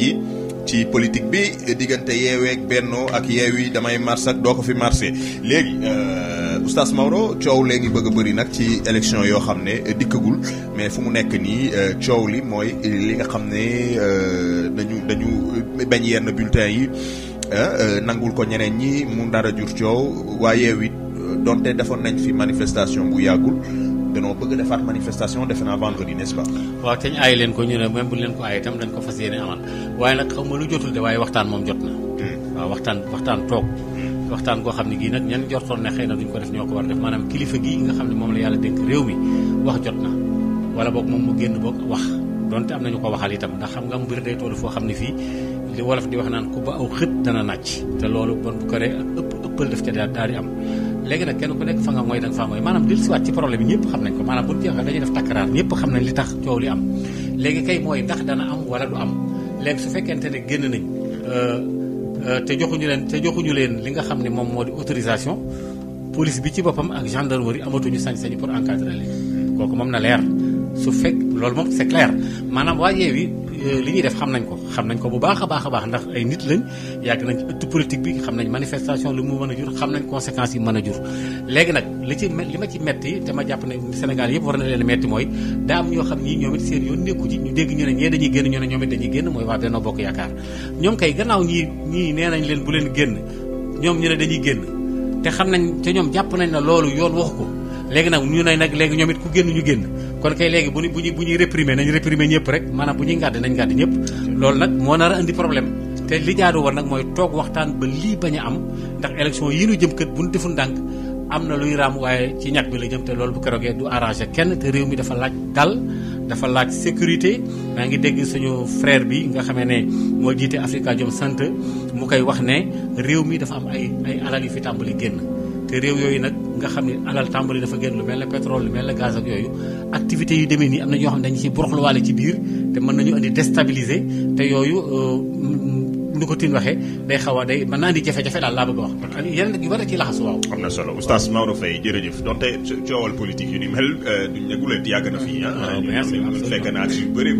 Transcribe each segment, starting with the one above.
ji ci politique bi diggante yeeweeg bennoo ak yeew yi damay mars ak doo ko fi marché léegi euh, oustaz Maodo coow léegi bëgg a bëri nag ci élection yoo xam ne dikkagul mais fu mu nekk nii euh, coow li mooy li nga xam ne euh, dañu dañu bañ yenn bulletin yi ah, nangul ko ñeneen ñi mu dara jur coow waaye yeew donte defoon nañ fi manifestation bu yàggul danoo bëgg defaat manifestation def naa vendredi n'est-ce pas. waaw te ñu leen ko ñu ne même bu ñu leen ko aay itam dañ ko fas yéene amal waaye nag xam nga lu jotul de waaye waxtaan moom jot na. Hmm. waaw waxtaan waxtaan toog. Hmm. waxtaan goo xam ne gii nag ñan jortoon ne xëy na duñ ko def ñoo ko war def maanaam kilifa gii nga xam ne moom la yàlla dénk réew mi wax jot na wala boog moom mu génn boog wax donte am nañu ko waxal itam ndax xam nga mbir day toll foo xam ne fii li wolof di wax naan ku ba aw xët dana nàcc te loolu bon bu ko rek ëpp def ca daal di am léegi nag kenn ku nekk fa nga mooy da nga faa mooy maanaam dil siwaat ci problème yi ñëpp xam nañ ko maanaam buñ jeexee dañuy def takkaraar ñëpp xam nañ li tax coow li am léegi kay mooy ndax dana am wala du am léegi su fekkente ne génn nañ euh, euh, te joxuñu leen te joxuñu leen li nga xam ne moom moo di autorisation police bi ci boppam ak gendarmerie amatuñu sañ-sañu pour encadrer leen kooku moom na leer su fekk loolu moom c'est maanaam waa yeewi Euh, li ñuy def xam nañ ko xam nañ ko bu baax a baax a baax ndax ay nit lañ yàgg nañ ci ëttu politique bi xam nañ manifestation lu mu mën a jur xam nañ conséquences yi mën a jur léegi nag li ci li ma ci metti te ma jàpp ne Sénégal yëpp war mooy am ñoo xam ni ñoom it seen yoon nekku ci ñu dégg ñu ne ñee dañuy génn ñu ne ñoom it dañuy génn mooy waa Benno Bokk Yaakaar nañ leen bu leen génn ñoom ñu ne dañuy génn te xam nañ te ñoom jàpp nañ ne loolu yoon waxu ko légui nak ñu nay nak légui ñomit ku genn ñu genn kon kay légui bu ñu bu ñu réprimer nañ réprimer ñëpp rek manam bu ñuy ngàdd nañ ngàdd ñëpp lool nak mo na ra andi problème té li jaadu war nak moy tok waxtaan ba li baña am ndax élection yi ñu jëm kët bu ñu deful ndànk am luy ram waye ci ñak bi la jëm té lool bu keroogee du arranger kenn té réew mi dafa laaj dal dafa laaj sécurité ma ngi dégg suñu frère bi nga xamé né mo jité africa jom sante mu koy wax né réew mi dafa am ay ay alal yu fi tambali genn té réew yooyu nak nga xam ne alal tàmbali dafa génn lu mel ne pétrole lu mel ne gaz ak yooyu activités yu demee nii am na ñoo xam ne dañu ci boroxluwaale te yooyu euh, nu ko tin waxee day xaw a day mën naa indi jafe-jafe daal laa bëgg a wax parce que yeneen yu bari am na solo oustaz Maodo Faye jërëjëf donte coowal politique yu ni mel euh, duñ ne guleet yàgg na fii. waaw ah. ah, merci fekk naa ci yu bëri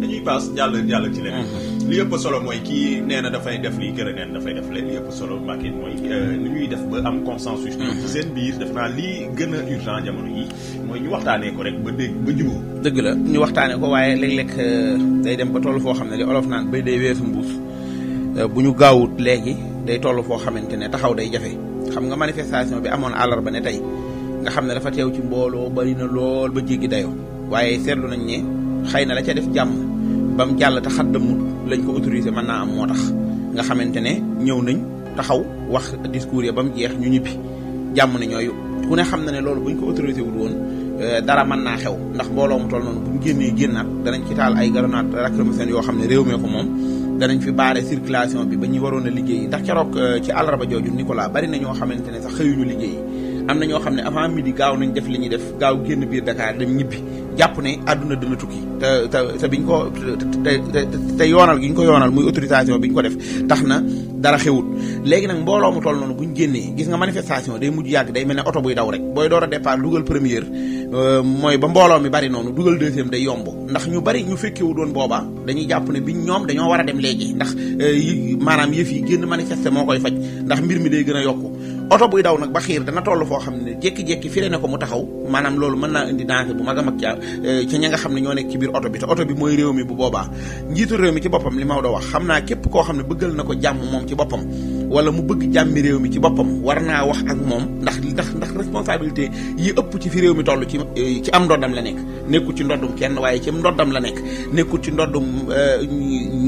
dañuy paas jàll jàll ci leneen. Uh-huh. li yëpp solo mooy kii nee dafay def lii kër a neen dafay def leen li yëpp solo Macky mooy euh, ni ñuy def ba am consensus. Hmm. ci seen biir def naa lii gën a urgent jamono yi mooy ñu waxtaanee ko rek ba dégg ba jubóo. dëgg la ñu waxtaanee ko waaye léeg-léeg euh, day dem ba toll foo xam ne li olof naan ba day weesu mbuus euh, bu ñu gaawut léegi day toll foo xamante ne taxaw day jafe xam nga manifestation bi amoon àllarba ne tey nga xam ne dafa teew ci mbooloo bari na lool ba jéggi dayoo waaye seetlu nañ ne xëy na la ca def jàmm ba mu lañ ko autorisé mën naa am moo tax nga xamante ne ñëw nañ taxaw wax discours ya ba mu jeex ñu ñibbi jàmm ne ñooyu ku ne xam na ne loolu buñ ko autorisé wul woon euh, dara man naa xew ndax mbooloo mu toll bu buñ génnee génnaat danañ ci taal ay grenade lacrymogène yoo xam ne réew mee ko moom danañ fi baare circulation bi ba ñuy waroon a liggéey ndax keroog euh, ci àllarba jooju Nicolas bari na ñoo xamante ne sax xëyuñu liggéey am na ñoo xam ne avant midi gaaw nañ def li ñuy def gaaw génn biir Dakar dem ñibbi jàpp ne àdduna dina tukki te te te biñ ko te te yoonal gi ñu ko yoonal muy autorisation bi ñu ko def tax na dara xewut léegi nag mbooloo mu toll noonu bu ñu génnee gis nga manifestation day mujj yàgg day mel ni oto buy daw rek booy door a départ dugal première euh, mooy ba mbooloo mi bari noonu dugal deuxième day yomb ndax ñu bari ñu fekkewu doon booba dañuy jàpp ne biñ ñoom dañoo war a dem léegi ndax euh, maanaam yëf yi génn manifester moo koy faj ndax mbir mi day gën a yokku oto buy daw nag ba xiir dana toll foo xam ne jékki-jékki fi ne ko mu taxaw maanaam loolu mën naa indi danger bu mag a mag ca eh, ca ña nga xam ne ñoo nekk ci biir bi oto bi mooy réew bu boobaa njiitu réew mi ci boppam li Maodo wax xam képp koo xam ne bëggal na ko jàmm moom ci boppam wala mu bëgg jàmmi réew mi ci boppam war naa wax ak moom ndax ndax ndax responsabilité yi ëpp ci fi réew mi toll ci eh, ci am ndoddam la nekk nekkul ci ndoddum kenn waaye ci ndoddam la nekk nekkul ci ndoddum eh,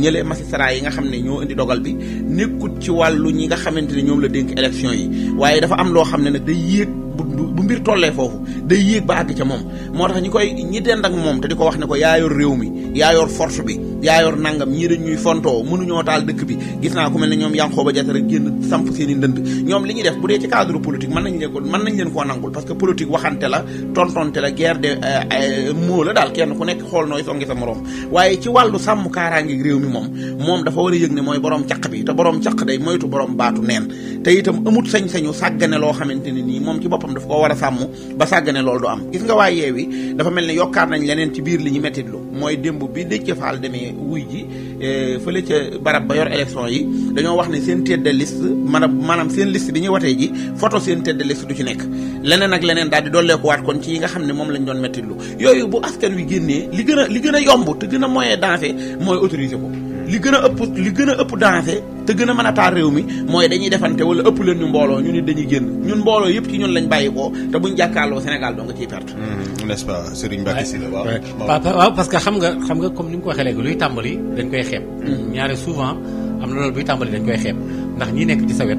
ñële magistrat yi nga xam ne ñoo indi dogal bi nekkul ci wàllu ñi nga xamante ne ñoom la dénk élection yi waaye dafa am loo xam ne ne day yéeg bu mbir tollee foofu day yéeg ba àgg ca moom moo tax ñi koy ñi dend ak moom te di ko wax ne ko yaayoor réew mi yaayoor force bi yaa nangam ñii dañ ñuy fontoo mënuñoo taal dëkk bi gis naa ku mel ne ñoom Yankhoba Diattara génn samp seen i ndënd ñoom li ñuy def bu dee ci cadre politique mën nañ leen ko mën nañ leen koo nangul parce que politique waxante la tontonte la guerre euh, euh, moo la daal kenn ku nekk xool nooy songi sa moroom waaye ci wàllu sàmm kaaraange réew mi moom moom dafa war a yëg ne mooy borom caq bi te borom caq day moytu borom baatu neen te itam amut sañ-sañu sàggane loo xamante ne nii moom ci boppam daf koo war a sàmm ba sàggane loolu du am gis nga waa yeewi dafa mel ne yokkaar nañ leneen ci biir li ñu mettitlu mooy démb bi dëcc faal demee wuy ji e, fële ca barab ba yor élection yi dañoo wax ne seen tête de liste maanaam maanaam seen liste bi ñuy watee ji photo seen tête de du ci nekk leneen ak leneen daal di dolleeku waat kon ci yi nga xam ne moom lañ doon metti yooyu bu askan wi génnee li gën a li gën a yomb te gën a moyen danger mooy autoriser ko li gën a ëpp li gën a ëpp danger te gën a mën a taal réew mi mooy dañuy defante wala ëpp leen ñu mbooloo ñu nit dañuy génn ñun mbooloo yëpp ci ñun lañ bàyyi ko te buñ jàkkaarloo Sénégal doo nga ciy perte. Mm, n'est-ce pas Serigne la waaw. waaw xam nga xam nga comme ni mu ko waxee léegi luy tàmbali dañ koy xeeb. Mm. ñaare souvent am na loolu buy tàmbali dañ koy xeeb ndax ñi nekk ci sa wet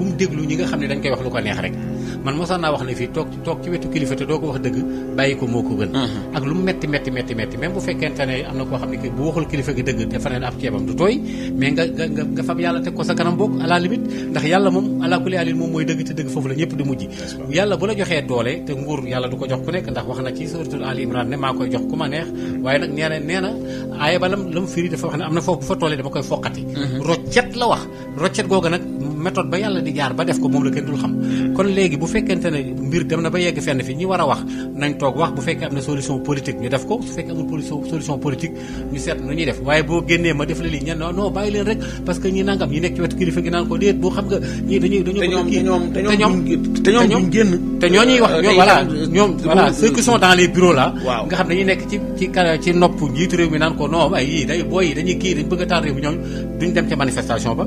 bu mu déglu ñi nga xam ne dañ koy wax lu ko neex rek man mosoon naa wax ne fii toog toog ci wetu kilifa te doo ko wax dëgg bàyyi ko moo ko gën mhm. ak lu metti metti metti metti bu fekkente ne am na koy jox ku ma neex waaye nag nee na aaya ba lam firi dafa wax ne am na foofu bu fa toolee dama koy foqati mhm. roccet la wax roccet googa nag méthode ba yàlla di jaar ba def ko moom la kenn dul xam kon léegi bu fekkente ne mbir dem na ba yegg fenn fi ñi war a wax nañ toog wax bu fekkee am na solution politique ñu def ko su fekkee amul solution politique ñu seet nu def waaye boo génnee ma def la lii ñen non bàyyi leen rek parce que ñi nangam ñi nekk ci wetu kilifa gi naan ko déet boo xam nga ñi dañuy dañoo kii te ñoom te ñoom génn te ñoo ñuy wax nopp njiitu réew mi naan ko non ay yii day booy yi dañuy kii dañ bëgg taal réew mi ñoom duñ dem ca manifestation ba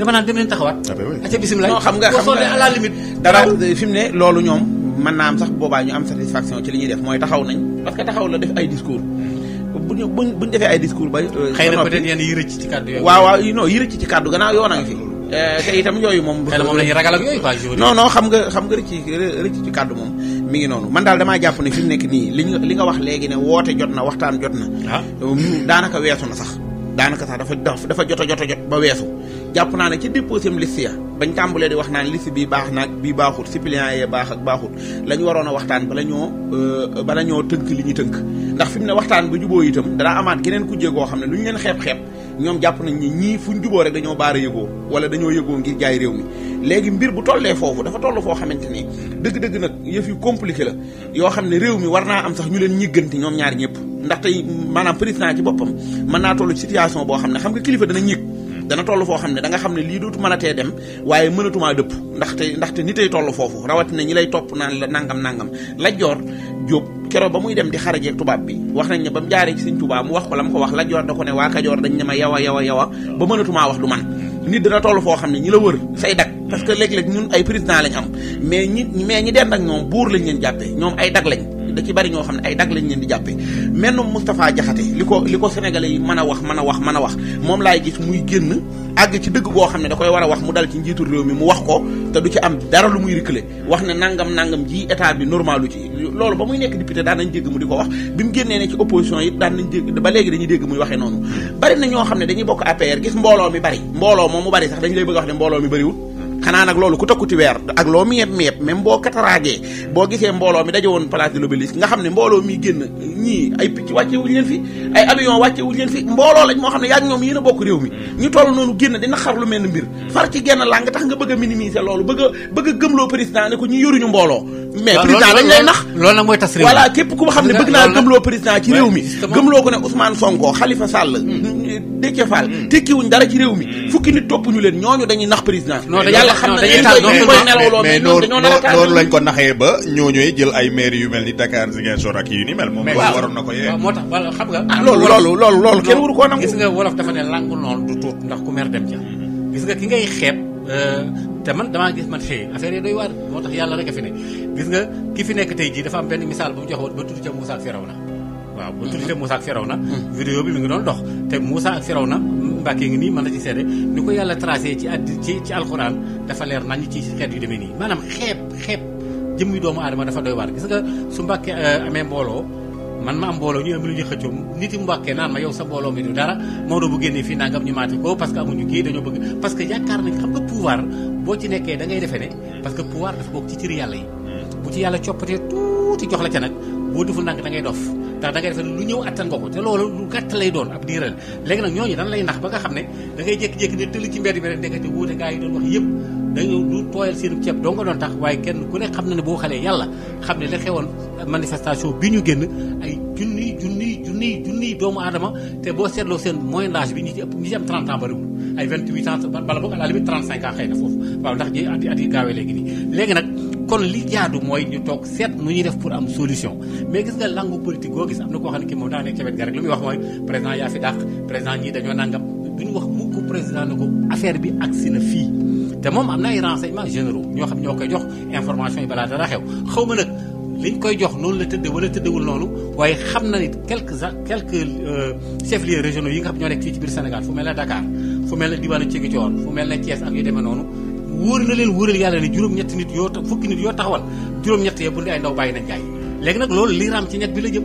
dama naan dem leen taxawaat. Ah, acca bisimilah non xam nga xam nga à mu ne loolu ñoom mën naa am sax boobaa ñu am satisfaction ci li ñu def mooy taxaw nañ parce que taxaw la def ay discours. bu ñu bu ñu defee ay discours ba. Euh, xëy na peut-être yi rëcc ci kàddu waaw waaw non yi rëcc ci a ngi fi. Euh, te moom. xëy na moom la ñuy ragal ak yooyu nga xam nga rëcc rëcc ci kàddu ngi noonu man daal damaa jàpp ne fi mu nekk nii li nga li nga wax léegi ne woote jot na waxtaan jot na. Ah. daanaka weesu na sax daanaka sax dafa dafa jot a jot jot ba weesu japp na ne ci déposé liste ya bañ tambulé di wax naan liste bi bax nak bi baaxut suppléant yee ya bax ak baaxut lañ warona waxtaan ba ñoo euh ba tënk teunk liñu teunk ndax fi ne waxtaan bu jubo itam dara amaat geneen ku jégo xam luñu lu ñu leen xeeb-xeeb ñoom jàpp nañ ni ñi fuñ jubo rek dañoo baara yëgoo wala dañoo yëgoo ngir jaay réew mi légui mbir bu tollé fofu dafa tollu fo xamanteni deug deug nak nag yu compliqué la yo xam ne réew mi warna am sax ñu leen ñigganti ñom ñaar ñëpp ndax tay manam président ci boppam mën naa toll situation bo xam xam nga kilifa dana ñig dana toll foo xam ne danga xam ne lii dootu mën a tee dem waaye mënatumaa dëpp ndaxte ndaxte nitay toll foofu rawatina ñi lay topp naan la nangam nangam Lat Joor Jóob keroog ba muy dem di xarajeeg tubaab bi wax nañ ne ba mu jaaree ci Sëñ Tuubaa mu wax ko la mu ko wax Lat Joor da ko ne waa Kajoor dañ ne ma yawa yawa yawa ba mënatumaa wax du man nit dana toll foo xam ne ñi la wër say dak parce que léegi léeg ñun ay président lañ am mais ñi mais ñi dend ak ñoom buur lañ leen jàppee ñoom ay dag lañ da ci bari ñoo xam ne ay dag lañ leen di jàppee menn Moustapha Diakhaté li ko li ko sénégalais yi mën a wax mën a wax mën a wax moom laay gis muy génn àgg ci dëgg goo xam ne da koy war a wax mu dal ci njiitu réew mi mu wax ko te du ci am dara lu muy reculer wax ne nangam nangam ji état bi normal lu ci loolu ba muy nekk député daan nañ dégg mu di ko wax ñoo xam ne dañuy bokk APR gis mbooloo mi bari mbooloo moom mu bari sax xanaa nag loolu ku takkuti weer ak loo mi yeb mi yeb boo kataraagee boo gisee mbooloo mi daje woon place de l'Obélisque nga xam ne mbooloo mi génn ñii ay picc wàcce wuñ leen fi ay avion wàcce wuñ leen fi mbooloo lañ moo xam ne yaa ñoom yéen a bokk réew mi ñu toll noonu génn dina xar lu mel ni mbir hmm. far ci genn làng tax nga bëgg a loolu bëgg bëgg gëmloo président ne ko ñu yoruñu mbooloo mais président lañ nax loolu nag mooy tas réew mi fukki nit topp ñu leen ñooñu dañuy nax président yàlla xam na dañuy koy nelawloo mais loolu lañ ko naxee ba ñooñu jël ay maire yu mel ni Dakar waaw waroon na ko yee moo tax wala xam nga. ah loolu loolu loolu loolu kenn waru koo nangu. gis nga wolof dafa ne langu noonu du tuut ndax ku mer dem ja mm-hmm. gis nga ki ngay xeeb euh, te man damaa gis man xëy affaire yi doy a fi ne nga ba tudd ca Moussa ak Firawna waaw mm-hmm. mm-hmm. bi mi ngi doon dox te nii mën na ci seede ni ko yàlla tracé ci addi ci ci alxuraan dafa leer nañ ci xeet yu demee nii maanaam xeeb xeeb jëmmi doomu aadama dafa doy waar gis nga su Mbàkke euh, amee mbooloo man ma am mbooloo ñu am na ñu xëccoo nit yi Mbàkke naan ma yow sa mbooloo mi du dara Maodo bu génnee fii nangam ñu maati ko parce que amuñu kii dañoo bëgg parce que yaakaar nañ xam nga pouvoir boo ci nekkee da ngay defee ne parce que pouvoir dafa bokk ci cër yàlla yi bu ci yàlla coppatee tuuti jox la ca nag boo deful nang da dof ndax da defe ne lu ñëw attan nga ko te loolu lu gàtt lay doon ab diiral léegi nag ñooñu dan lay nax ba nga xa ne da ngay jékki-jékki ne tëll yëpp dañu du tooyal seen ceeb doo nga doon tax waaye kenn ku ne xam na ne boo xalee yàlla xam ne la xewoon manifestation bi ñu génn ay junniy junniy junniy junniy doomu aadama te boo seetloo seen moyen d'âge bi ñi ci ëpp ñi ci ndax ji at gaawee léegi nii léegi nag kon li jaadu mooy ñu toog seet nu ñuy def pour am solution mais gis nga langue politique goo gis am na koo xam ne kii moom daa nekk ca wet lu muy wax mooy président yaa fi dàq président ñii dañoo nangam bi agsi na te moom am na ay renseignements généraux ñoo xam ñoo koy jox information yi balaa dara xew xaw ma nag liñ koy jox noonu la tëdd wala tëddewul noonu waaye xam na ni quelques quelques euh, chefs lieux régionaux yi nga xam ñoo nekk fii ci biir Sénégal fu mel ne Dakar fu mel ne diwaanu Ziguinchor fu mel ne Thiès ak yu demee noonu wóor na leen wóoral yàlla ni juróom-ñetti nit yoo fukki nit yoo taxawal juróom-ñett yee bu ay ndaw bàyyi nañ gaay léegi nag loolu li raam ci ñett bi la jëm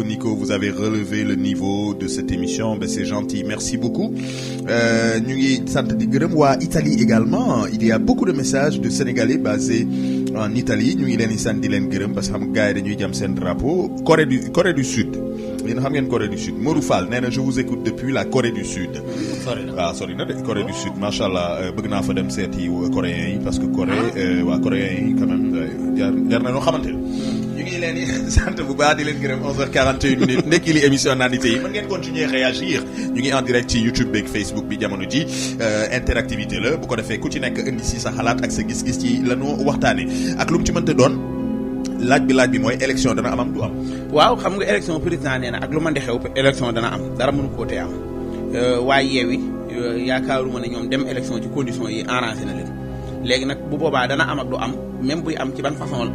Nico. Vous avez relevé le niveau de cette émission. Ben, c'est gentil. Merci beaucoup. Euh, Italie également. Il y a beaucoup de messages de Sénégalais basés en Italie. Nous, il y parce que nous drapeau. Corée du, Corée du Sud. yéen xam ngeen Corée du Sud je vous écoute depuis la Corée du Sud. Sorry. na ah, sorry, Corée du Sud Machallah, je euh, bëgg naa fa dem euh, coréens parce que Corée euh, waa coréens quand même jar jar na un xamante ñu ngi leen di sant bu baax di leen gërëm 11h41 minutes ndekki li émission naanité yi mën ngeen continuer réagir ñu ngi en direct ci YouTube beeg Facebook bi jamono ji euh, interactivité la bu ko defee ku ci nekk indi si sa xalaat ak sa gis-gis ci la lanoo waxtaane ak lu mu ci mënta doon laaj bi laaj bi mooy élection dana am am du am. waaw xam nga élection président nee na ak lu mën di xew élection dana am dara mënu koo tee am euh, waaye yeewi euh, yaakaaruma ne ñoom dem élection ci condition yi arrangé na leen. léegi nag bu boobaa dana am ak du am même buy am ci ban façon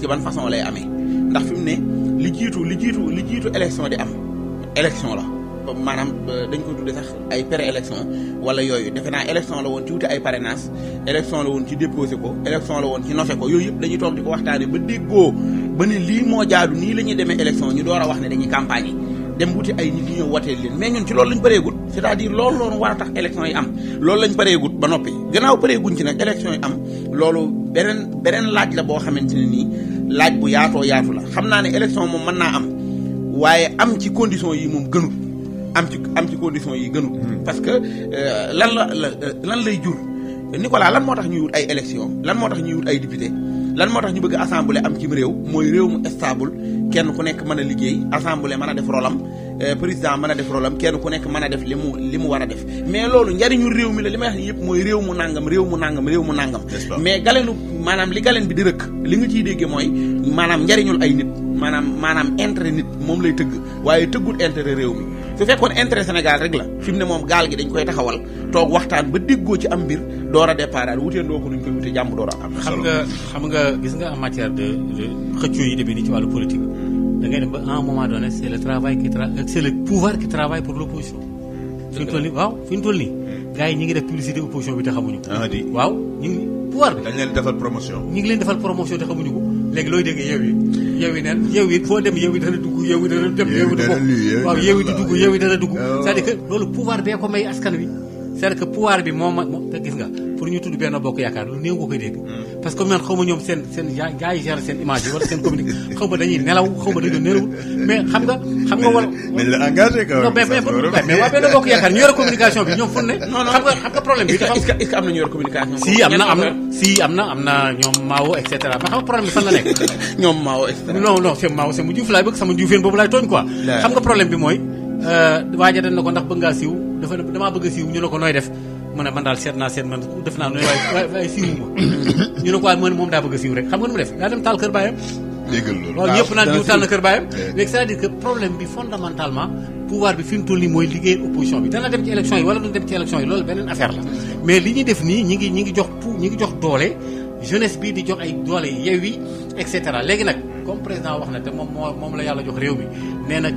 ci ban façon lay amee ndax fi mu ne li jiitu li jiitu li jiitu élection di am élection la maanaam dañ ko tudde sax ay pré élection wala yooyu defe naa élection la woon ci wuti ay parrainage élection la woon ci déposé ko élection la woon ci nofe ko yooyu yëpp dañuy toog di ko waxtaanee ba déggoo ba ne lii moo jaadu nii la ñuy demee élection ñu door a wax ne dañuy campagne yi dem wuti ay nit ñu ñëw watee leen mais ñun ci loolu lañ bëreegut c'est-à-dire loolu loolu war tax élection yi am loolu lañ bëreegut ba noppi gannaaw bëreeguñ ci nag élection am loolu beneen beneen laaj la boo xamante ne nii laaj bu yaatoo yaatu la xam naa ne élection moom mën naa am waaye am ci condition yi moom gënul am ci am ci condition yi gënul hmm. parce que euh, lan la la euh, lan lay jur Nicolas lan moo tax ñuy wut ay élection lan moo tax ñuy ay député lan moo tax ñu bëgg assemblée am ci réew mooy réew mu stable kenn ku nekk mën a liggéey assemblée mën a def rolam euh, président mën a def rolam kenn ku nekk mën a def li mu li mu war a def mais loolu njariñu réew mi la li may wax yëpp mooy réew mu nàngam réew mu nàngam réew mu nàngam mais galeenu maanaam li galeen bi di rëkk li nga ciy déggee mooy maanaam njariñul ay nit maanaam maanaam intérêt nit moom lay tëgg waaye tëggul intérêt réew mi su fekkoon intérêt Sénégal rek la fi mu ne moom gaal gi dañ koy taxawal toog waxtaan ba déggoo ci am mbir door a départ daal wutee ndoo ko nuñ koy wute jàmm door a am. xam nga xam nga gis nga am matière de de xëccoo yi demee nii ci wàllu politique da dem ba à moment donné c' est le travail qui tra c' est pouvoir qui travaille pour l' opposition. fi ñu toll nii waaw fi toll nii. gars yi ñu ngi def publicité opposition bi te xamuñu ko. Ah, waaw ñu ngi pouvoir ñu ngi leen defal promotion te xamuñu ko léegi yeewi neen yeewi it foo dem yeewi dana dugg yeewi dana dem yeewi dana waaw yeewi di dugg yeewi dana dugg oh. cest que loolu pouvoir bee ko may askan wi c'est-à-dire que bi moom moom te gis nga pour ñu tudd benn bokk yaakaar lu néew nga koy dégg parce que man xaw ñoom seen seen gars seen image yi seen xam nga xam communication bi ñoom fu ne xam nga problème bi dafa est-ce na ñu yore communication si am na am na si am na am na ñoom maawo et cetera mais xam nga problème bi fan la nekk ñoom maawo et cetera non non maawo c'est mu juuf laay bëgg sama juufeen boobu laay tooñ quoi xam nga problème bi mooy euh, waaja dañ na ko ndax bëgg ngaa siiw dafa damaa bëgg a siiw ñu ne ko nooy def mu ne man daal seet naa seet man def naa nooy waaye waaye siiwuma ñu ne ko waaye moom daa bëgg a siiw rek xam nga nu def daa dem taal kër baayam loolu ñëpp naan ñu taal na kër baayam léegi eh. c'est-à-dire que problème fi mu toll nii mooy liggéey opposition bi dana dem ci élection yi wala duñ dem ci élection yi loolu beneen affaire la mais li ñuy def nii ñi ngi ñi ngi jox ñi ngi jox doole jeunesse bi di jox ay doole yew yi et cetera léegi nag comme président wax na te moom moo moom la yàlla jox réew mi nee na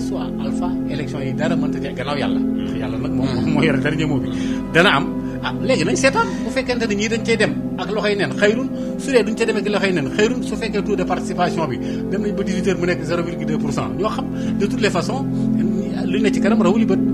soit alpha élection yi dara mënta jeex gannaaw yàlla. Mm. yàlla nag moom mm. moo yore dernier mot bi dana am ah léegi nañ seetaan bu fekkente ne ñii dañ cay dem ak loxoy neen xëyrun su dee duñ ca demee ak loxoy neen xëyrun su fekkee taux de participation bi dem nañ ba 18 mu nekk 0,2 pour cent ñoo xam de toutes les façons li ne ci kanam rawuli bët.